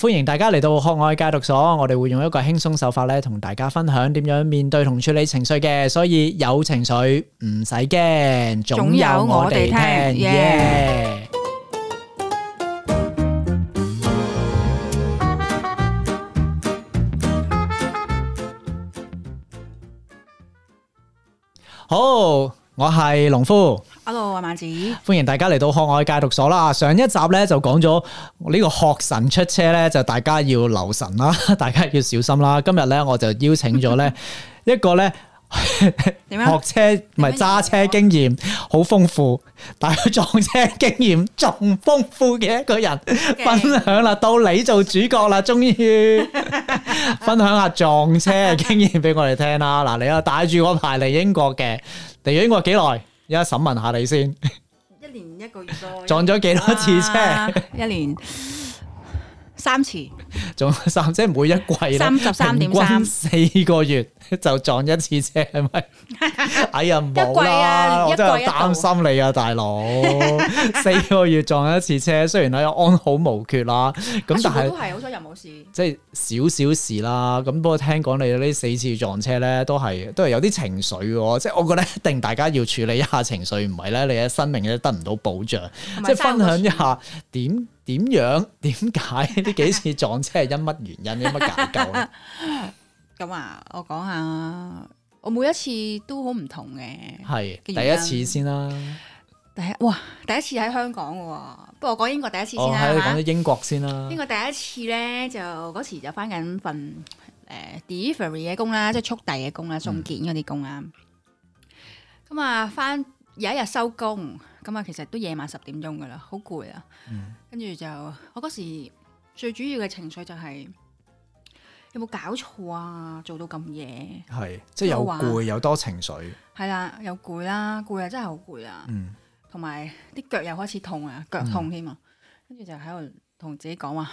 歡迎大家嚟到渴愛戒毒所，我哋會用一個輕鬆手法咧，同大家分享點樣面對同處理情緒嘅，所以有情緒唔使驚，總有我哋聽。耶！好，我係農夫。hello，阿萬子，歡迎大家嚟到學愛戒毒所啦。上一集咧就講咗呢個學神出車咧，就大家要留神啦，大家要小心啦。今日咧我就邀請咗咧一個咧學車唔係揸車經驗好豐富，但係佢撞車經驗仲豐富嘅一個人分享啦。到你做主角啦，終於分享下撞車嘅經驗俾我哋聽啦。嗱，你啊帶住嗰牌嚟英國嘅，嚟英國幾耐？而家審問下你先，一年一個月多， 撞咗幾多次啫、啊？一年 三次。撞三即係每一季啦，平均四個月就撞一次車係咪？哎呀，冇啦， 啊、我真係擔心你啊，大佬！ 四個月撞一次車，雖然咧安好無缺啦，咁、啊、但係都係好彩又冇事，即係少少事啦。咁不過聽講你呢四次撞車咧，都係都係有啲情緒嘅，即係我覺得一定大家要處理一下情緒，唔係咧你嘅生命都得唔到保障。即係分享一下點點樣點解呢幾次撞車？ 因乜原因？因乜解究咧？咁啊，我講下，我每一次都好唔同嘅。係第一次先啦。第一哇，第一次喺香港嘅，不過我講英國第一次先啦。講啲英國先啦。英國第一次咧，就嗰時就翻緊份誒 delivery 嘅工啦，即係速遞嘅工啦，送件嗰啲工啦。咁啊，翻有一日收工，咁啊，其實都夜晚十點鐘噶啦，好攰啊。嗯。跟住就我嗰時。最主要嘅情緒就係有冇搞錯啊？做到咁夜，係即係有攰，有多情緒，係啦，有攰啦，攰啊，真係好攰啊，同埋啲腳又開始痛啊，腳痛添啊，嗯、跟住就喺度同自己講話，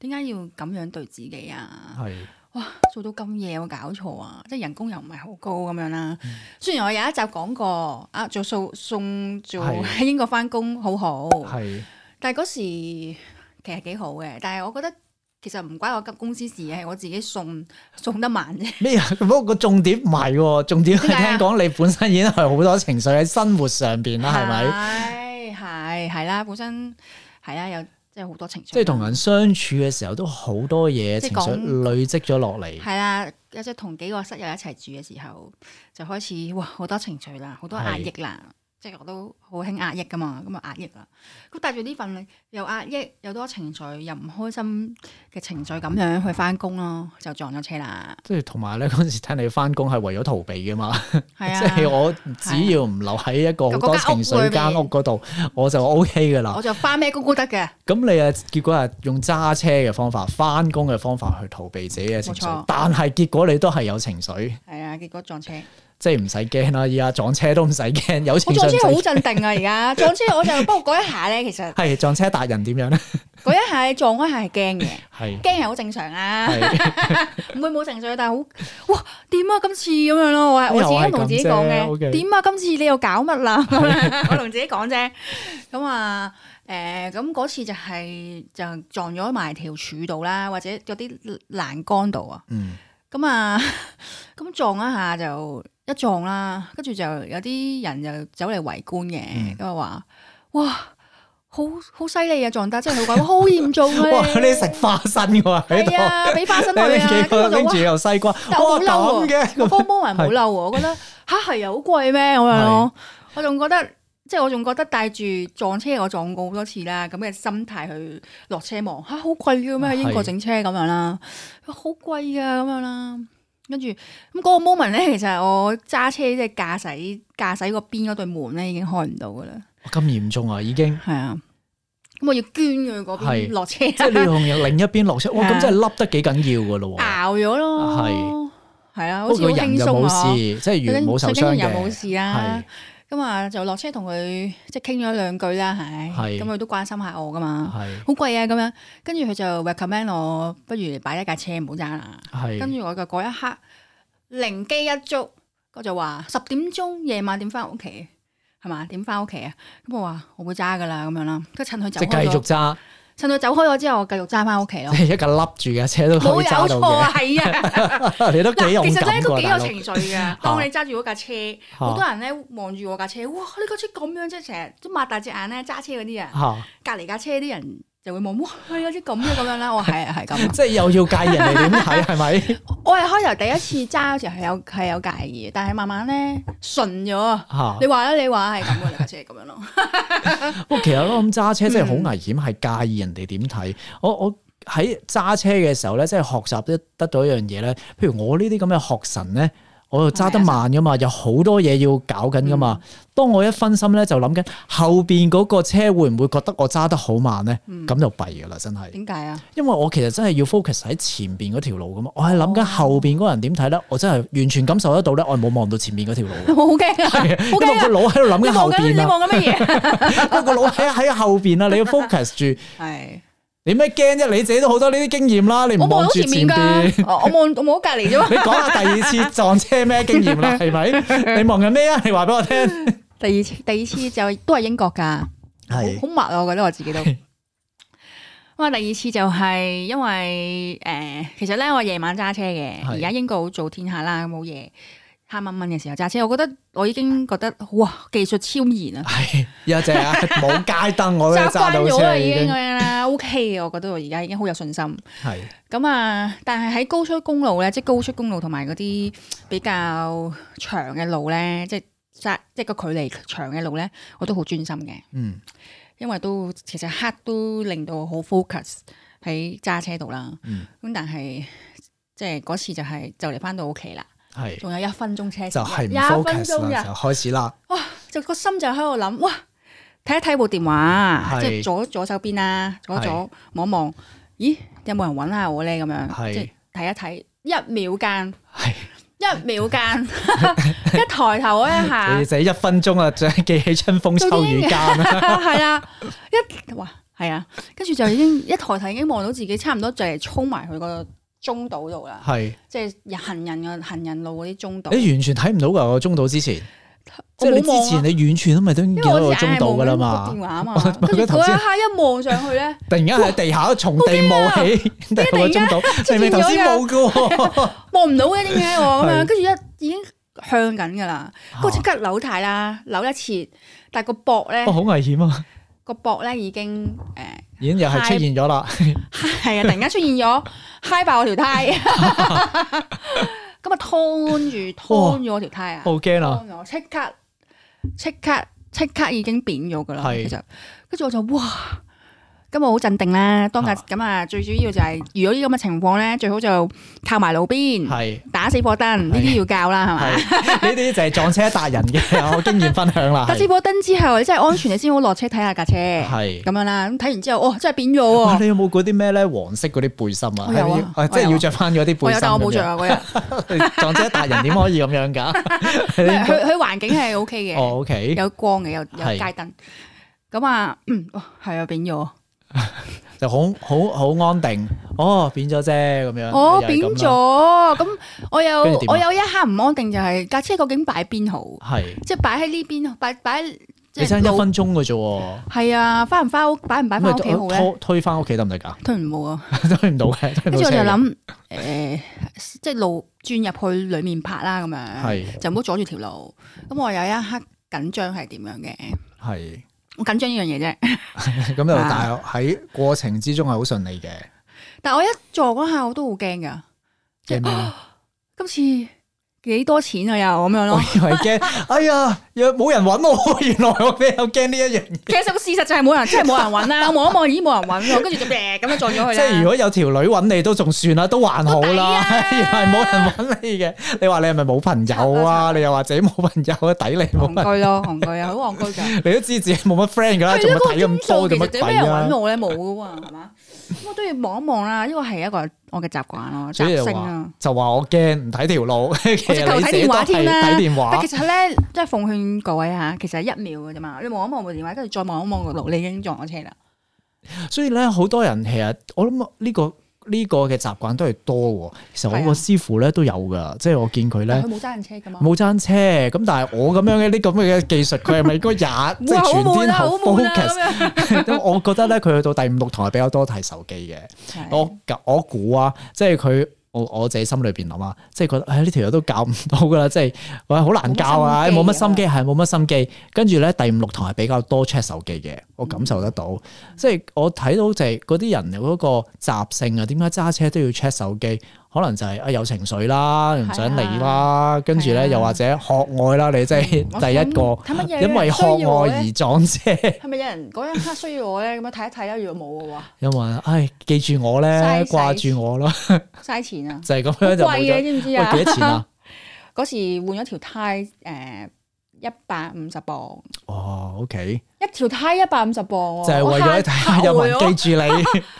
點解要咁樣對自己啊？係是哇，做到咁夜，有冇搞錯啊！即係人工又唔係好高咁樣啦。嗯、雖然我有一集講過啊，做數送做喺英國翻工好好，係，但係嗰時。其實幾好嘅，但係我覺得其實唔關我急公司事嘅，係我自己送送得慢啫。咩啊？不過個重點唔係，重點係聽講你本身已經係好多情緒喺生活上邊啦，係咪？係係係啦，本身係啦，有即係好多情緒，即係同人相處嘅時候都好多嘢，情緒累積咗落嚟。係啦，即係同幾個室友一齊住嘅時候，就開始，哇，好多情緒啦，好多壓抑啦。即係我都好興壓抑噶嘛，咁啊壓抑啦，佢帶住呢份又壓抑又多情緒又唔開心嘅情緒，咁樣去翻工咯，就撞咗車啦。即係同埋咧，嗰陣時聽你翻工係為咗逃避噶嘛，啊、 即係我只要唔留喺一個好多情緒間、啊、屋嗰度，我就 O K 噶啦。我就翻咩工都得嘅。咁你啊，結果係用揸車嘅方法，翻工嘅方法去逃避自己嘅情緒，錯但係結果你都係有情緒。係啊，結果撞車。即係唔使驚啦，而家撞車都唔使驚，有情緒。我撞車好鎮定啊，而家撞車我就不過嗰一下咧，其實係撞車達人點樣咧？嗰一下撞嗰下係驚嘅，係驚係好正常啊，唔會冇情緒，但係好哇？點啊？今次咁樣咯，我我自己同自己講嘅，點啊？今次你又搞乜啦？我同自己講啫。咁啊，誒，咁嗰次就係就撞咗埋條柱度啦，或者有啲欄杆度啊。嗯。咁啊，咁撞一下就。一撞啦，跟住就有啲人就走嚟圍觀嘅，咁啊話哇，好好犀利啊撞得，真係好鬼好嚴重啊，嗰你食花生嘅喺度，俾花生，去見佢捧住個西瓜，好嬲嘅，個波波係冇嬲喎，我覺得吓係啊好貴咩咁樣，我仲覺得即係我仲覺得帶住撞車我撞過好多次啦，咁嘅心態去落車望吓好貴嘅咩？英國整車咁樣啦，好貴㗎咁樣啦。跟住咁嗰個 moment 咧，其實我揸車即係駕駛駕駛邊嗰對門咧，已經開唔到噶啦。咁嚴重啊，已經係啊，咁我要捐佢嗰邊落車，即係你要用另一邊落車。哇，咁真係凹得幾緊要噶咯？爆咗咯，係係啊，不過、啊、個人就冇事，啊、即係如果冇受傷嘅。咁啊，就落車同佢即係傾咗兩句啦，係咁佢都關心下我噶嘛，係好貴啊咁樣，跟住佢就 recommend 我不如擺一架車唔好揸啦，係跟住我嘅嗰一刻靈機一觸，我就話十點鐘夜晚點翻屋企，係咪點翻屋企啊？咁我話我會揸噶啦，咁樣啦，即係趁佢走，即係繼續揸。趁佢走開咗之後，我繼續揸翻屋企咯。 你一架笠住架車都冇有錯啊！係啊， 你都幾勇敢嘅。其實咧都幾有情緒嘅。 當你揸住嗰架車，好 多人咧望住我架車，哇！你架車咁樣啫，成日都擘大隻眼咧揸車嗰啲人。隔籬架車啲人。就會望哇，有啲咁嘅咁樣啦。」我係啊係咁，即係又要介意人哋點睇係咪？我係開頭第一次揸嗰時係有係有介意，但係慢慢咧順咗。你話啦，你話係咁嘅，即係咁樣咯。不過其實咯，咁揸車真係好危險，係介意人哋點睇。我我喺揸車嘅時候咧，即係學習得得到一樣嘢咧。譬如我呢啲咁嘅學神咧。我又揸得慢噶嘛，有好多嘢要搞緊噶嘛。當我一分心咧，就諗緊後邊嗰個車會唔會覺得我揸得好慢咧？咁就弊噶啦，真係。點解啊？因為我其實真係要 focus 喺前邊嗰條路噶嘛。我係諗緊後邊嗰人點睇咧。哦、我真係完全感受得到咧，我冇望到前面嗰條路。好驚、 啊，因為個腦喺度諗緊後邊。你望緊乜嘢？個腦喺喺後邊啊！你，你，你， 你要 focus 住。係。 你咩驚啫？你自己都好多呢啲經驗啦，你唔望住前面， 我望我望隔籬啫。你講下第二次撞車咩經驗啦？係咪？ 你望緊咩啊？你話俾我聽。第二次第二次就都係英國噶，係好密啊！我覺得我自己都。哇，第二次就係因為誒、呃，其實咧我夜晚揸車嘅，而家的英國好早天下啦，冇嘢。三萬蚊嘅時候揸車，我覺得我已經覺得哇技術超然啊！係，有只冇街燈我都揸到車已經咁樣啦。O K，我覺得我而家已經好有信心。係咁啊！但係喺高速公路咧，即係高速公路同埋嗰啲比較長嘅路咧，即係揸即係個距離長嘅路咧，我都好專心嘅。嗯，因為都其實黑都令到好 focus 喺揸車度啦。嗯，咁但係即係嗰次就係就嚟翻到屋企啦。係，仲有一分鐘車程，一分鐘就開始啦。哇！就個心就喺度諗，哇！睇一睇部電話，即是左左手邊啦、啊，左左望望，望一望是咦？有冇人揾下我咧？咁樣即睇一睇，一秒間，是一秒間， 一抬頭嗰一下，就 一分鐘啊！再記起春風秋雨間，係 啊，一哇，係啊，跟住就已經一抬頭已經望到自己差唔多就係衝埋去、那個，中島度啦，係即係行人嘅行人路嗰啲中島，你完全睇唔到噶個中島之前，即係你之前你完全都未都見到個中島噶啦嘛？電話啊嘛，頭先一望上去咧，突然間喺地下，從地冒起，第一個中島，明明頭先冇嘅，望唔到嘅點解？咁樣，跟住一已經向緊噶啦，嗰次即刻扭軚啦扭一次，但係個膊咧，好危險啊，個膊咧已經誒。已經又係出現咗啦，係啊！突然間出現咗嗨 爆我條胎，咁啊攤住攤住我條胎、哦、我啊，好驚啊！即刻即刻即刻已經扁咗噶啦，係是，跟住我就哇！咁我好鎮定啦，當日咁啊，最主要就係如果呢咁嘅情況咧，最好就靠埋路邊，係打死火燈，呢啲要教啦，係咪？呢啲就係撞車達人嘅我經驗分享啦。打死火燈之後，你真係安全，你先好落車睇下架車，係咁樣啦。咁睇完之後，哦，真係扁咗喎！你有冇嗰啲咩咧？黃色嗰啲背心啊？有啊，即係要着翻嗰啲背心。我冇着啊，嗰日撞車達人點可以咁樣噶？佢佢環境係 O K 嘅，O K 有光嘅，有有街燈。咁啊，哇，係啊，扁咗。就好好好安定，哦，扁咗啫咁樣，哦扁咗，咁我有我有一刻唔安定，就係架車究竟擺邊好，係即係擺喺呢邊擺擺。你爭一分鐘嘅啫，係啊，翻唔翻屋，擺唔擺翻屋企好咧？推翻屋企得唔得噶？推唔到啊，推唔到嘅。跟住我就諗，誒，即係路轉入去裏面泊啦，咁樣係就唔好阻住條路。咁我有一刻緊張係點樣嘅？係。我緊張呢樣嘢啫，咁大 但喺過程之中係好順利嘅。但係我一坐嗰下我都好驚㗎，驚咩？今次。幾多錢啊？又咁樣咯，我以為驚，哎呀，又冇人揾我，原來我比較驚呢一樣嘢。其實個事實就係冇人，真係冇人揾啦。望一望，已經，冇人揾，跟住做咩？咁樣再咗去咧。即係如果有條女揾你都仲算啦，都還好啦。原來冇人揾你嘅，你話你係咪冇朋友啊？你又或者冇朋友啊？抵你冇人。戇居咯，戇居啊，好戇居噶。你都知自己冇乜 friend 噶啦，仲要睇咁多做乜鬼啊？或者咩人揾我咧？冇噶嘛，係嘛？咁我都要望一望啦。呢個係一個。我嘅習慣咯，星就話就話我驚唔睇條路，或者又睇電話添啦。但其實咧，即係奉勸各位嚇，其實一秒嘅啫嘛，你望一望部電話，跟住再望一望個路，你已經撞咗車啦。所以咧，好多人其實我諗呢個。呢個嘅習慣都係多喎，其實我個師傅咧都有噶，的即係我見佢咧，佢冇揸車噶嘛，冇揸車。咁但係我咁樣嘅呢咁嘅技術，佢係咪嗰個眼 即係全天候 focus？咁 我覺得咧，佢去到第五六堂係比較多睇手機嘅的。我我估啊，即係佢。我我自己心裏邊諗啊，即係覺得，哎呢條友都教唔到噶啦，即係喂好難教啊，冇乜心機，係冇乜心機。跟住咧第五六堂係比較多 check 手機嘅，我感受得到，嗯、即係我睇到就係嗰啲人有嗰個習性啊，點解揸車都要 check 手機？可能就係啊有情緒啦，唔想理啦，跟住咧又或者渴愛啦，你真係第一個因為渴愛而撞車。係咪有人嗰一刻需要我咧？咁樣睇一睇啦，如果冇嘅話，有冇人哎記住我咧，掛住我咯，嘥錢啊！就係咁樣就貴啊！知唔知啊？幾多錢啊？嗰時換咗條胎誒一百五十磅哦，OK，一條胎一百五十磅，就係為咗睇有冇人記住你，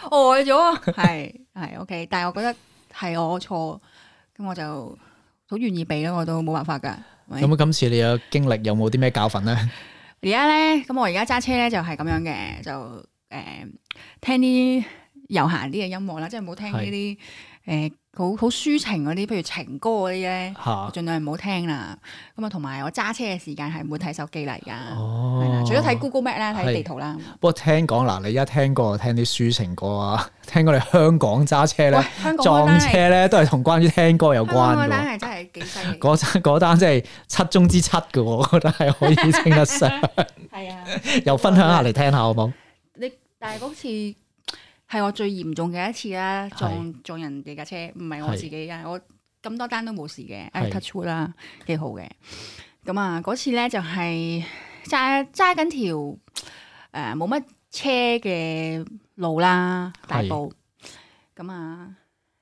呆咗係係 OK，但係我覺得。係我錯，咁我就好願意俾咯，我都冇辦法噶。咁啊，今次你有經歷， 有冇啲咩教訓咧？而家咧，咁我而家揸車咧就係咁樣嘅，就誒、呃、聽啲悠閒啲嘅音樂啦，即係唔好聽呢啲誒。是呃好好抒情嗰啲，譬如情歌嗰啲咧，啊、儘量唔好聽啦。咁啊，同埋我揸車嘅時間係唔會睇手機嚟噶。哦，除咗睇 Google Map 啦，睇地圖啦。不過聽講嗱，你而家聽過聽啲抒情歌啊，聽講你香港揸車咧撞車咧，都係同關於聽歌有關。嗰單係真係幾犀利。嗰 單真係七中之七嘅，我覺得係可以稱得上。係 啊， 又分享下嚟聽下好冇？你但係嗰次。係我最嚴重嘅一次啦，撞撞人哋架車，唔係我自己嘅。我咁多單都冇事嘅，係 touch wood 啦，幾好嘅。咁啊，嗰次咧就係揸揸緊條誒冇乜車嘅路啦，大埔。咁啊，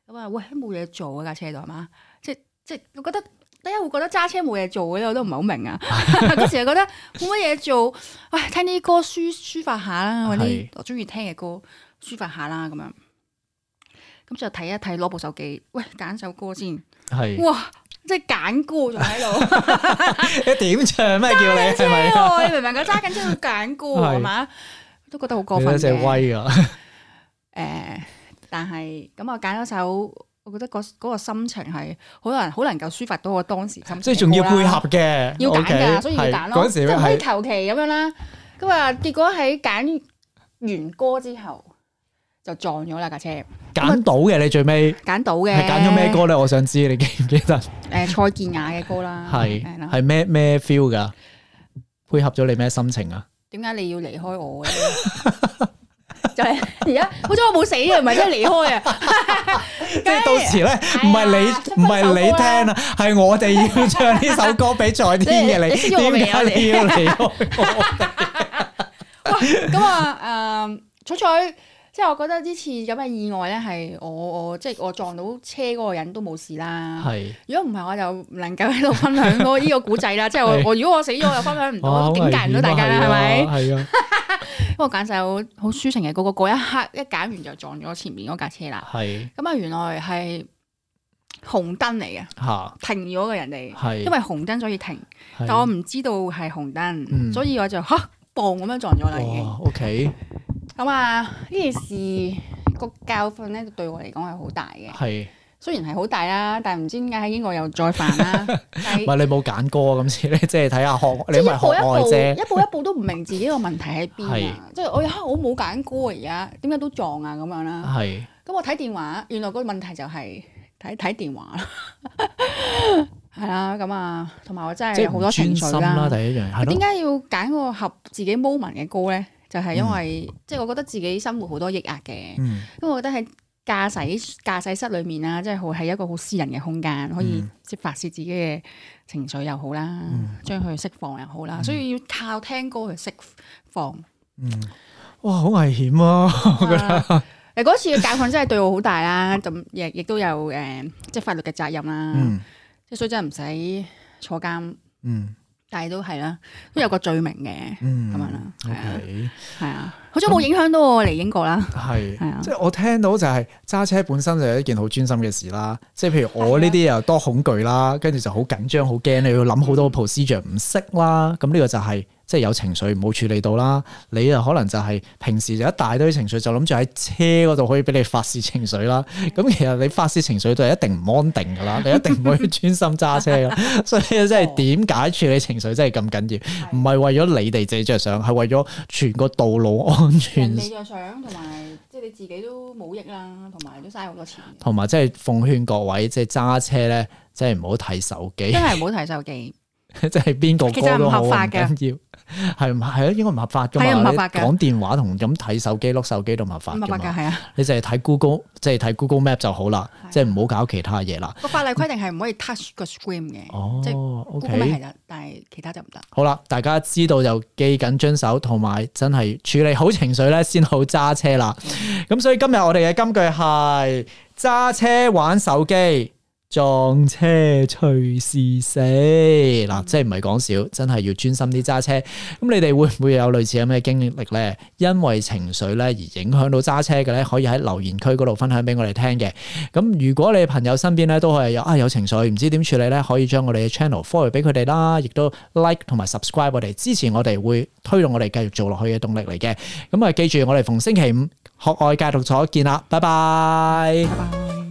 咁啊，喂，冇嘢做啊架車度係嘛？即即我覺得點解會覺得揸車冇嘢做嘅，我都唔係好明啊。嗰時覺得冇乜嘢做，喂，聽啲歌抒抒發下啦，啲我中意聽嘅歌。抒發下啦，咁樣咁就睇一睇，攞部手機，喂，揀首歌先，係，哇，即係揀歌仲喺度，你點唱咩叫你？你明明個揸緊張係揀歌係嘛，都覺得好過分嘅，威啊！誒，但係咁我揀咗首，我覺得嗰嗰個心情係好難好能夠抒發到我當時心情，即係仲要配合嘅，要揀噶，所以要揀咯，即係可以求其咁樣啦。咁啊，結果喺揀完歌之後，就撞咗啦，架車，揀到嘅，你最尾揀到嘅，係揀咗咩歌咧？我想知你記唔記得？誒，蔡健雅嘅歌啦，係係咩咩 feel 噶配合咗你咩心情啊？點解你要離開我嘅？就係而家，好彩我冇死啊，唔係真係離開啊！即係到時咧，唔係你唔係你聽啊，係我哋要唱呢首歌俾在天嘅你，點解你要離開我？哇！咁啊，誒，彩彩。即係我覺得呢次咁嘅意外咧，係我我即係我撞到車嗰個人都冇事啦。係如果唔係我就唔能夠喺度分享多呢個古仔啦。即係我如果我死咗，我就分享唔到點解唔到大家啦，係咪？係啊，不過揀晒好好抒情嘅嗰個嗰一刻，一揀完就撞咗前面嗰架車啦。係咁啊，原來係紅燈嚟嘅，停咗個人嚟，因為紅燈所以停，但我唔知道係紅燈，所以我就吓磅咁樣撞咗啦，已經。O K。咁啊，呢件事個教訓咧，對我嚟講係好大嘅。係雖然係好大啦，但係唔知點解喺英國又再犯啦。唔係你冇揀歌咁先咧，即係睇下學，你唔係學外啫。一步一步都唔明自己個問題喺邊啊。即係我哈，我冇揀歌而家，點解都撞啊咁樣啦。係。咁我睇電話，原來個問題就係睇睇電話。係啊，咁啊，同埋我真係好多情緒啦。第一樣係咯。點解要揀個合自己 moment 嘅歌咧？就係因為、嗯、即係我覺得自己生活好多抑壓嘅，嗯、因為我覺得喺駕駛駕駛室裏面啦，即係好係一個好私人嘅空間，嗯、可以即係發泄自己嘅情緒又好啦，將佢釋放又好啦，嗯、所以要靠聽歌去釋放。嗯，哇，好危險啊！我覺得。誒，嗰次教訓真係對我好大啦，咁亦亦都有誒、呃，即係法律嘅責任啦，即係所以真係唔使坐監。 嗯。但係都係啦，都有個罪名嘅，咁樣啦，係啊係啊。好似冇影響到我嚟英國啦，係是、啊、即係我聽到就係、是、揸車本身就係一件好專心嘅事啦，即係譬如我呢啲又多恐懼啦，跟住的就好緊張、好驚，你要諗好多 procedure 唔識啦，咁呢個就係即係有情緒唔好處理到啦，你又可能就係平時就一大堆情緒，就諗住喺車嗰度可以俾你發泄情緒啦，咁的其實你發泄情緒都係一定唔安定噶啦，的你一定唔會專心揸車嘅， 所以真係點解處理情緒真係咁緊要？唔係的為咗你哋自己著想，係為咗全個道路。安全，係你又想同埋，即係你自己都冇益，啦，同埋都嘥好多錢。同埋即係奉勸各位，即係揸車咧，即係唔好睇手機。真係唔好睇手機， 即係邊個歌都唔緊要，其實係唔合法嘅。係唔係啊？應該唔合法噶嘛。講電話同咁睇手機、碌手機都唔合法。唔合法噶係啊。你淨係睇 Google，即係睇 Google Map 就好啦，即係唔好搞其他嘢啦。個法例規定係唔可以 touch 個 screen 嘅。哦，即係 Google Map 係啦，哦 okay，但係其他就唔得。好啦，大家知道就記緊遵守，同埋真係處理好情緒咧，先好揸車啦。咁所以今日我哋嘅金句係揸車玩手機。撞車隨時死嗱、啊，即係唔係講笑，真係要專心啲揸車。咁你哋會唔會有類似咁嘅經歷呢？因為情緒咧而影響到揸車嘅呢，可以喺留言區嗰度分享俾我哋聽嘅。咁如果你朋友身邊咧都係有啊有情緒，唔知點處理呢，可以將我哋嘅 channel follow 俾佢哋啦，亦都 like 同埋 subscribe 我哋，支持我哋會推動我哋繼續做落去嘅動力嚟嘅。咁啊，記住我哋逢星期五學愛教育所見啦，拜拜。拜拜。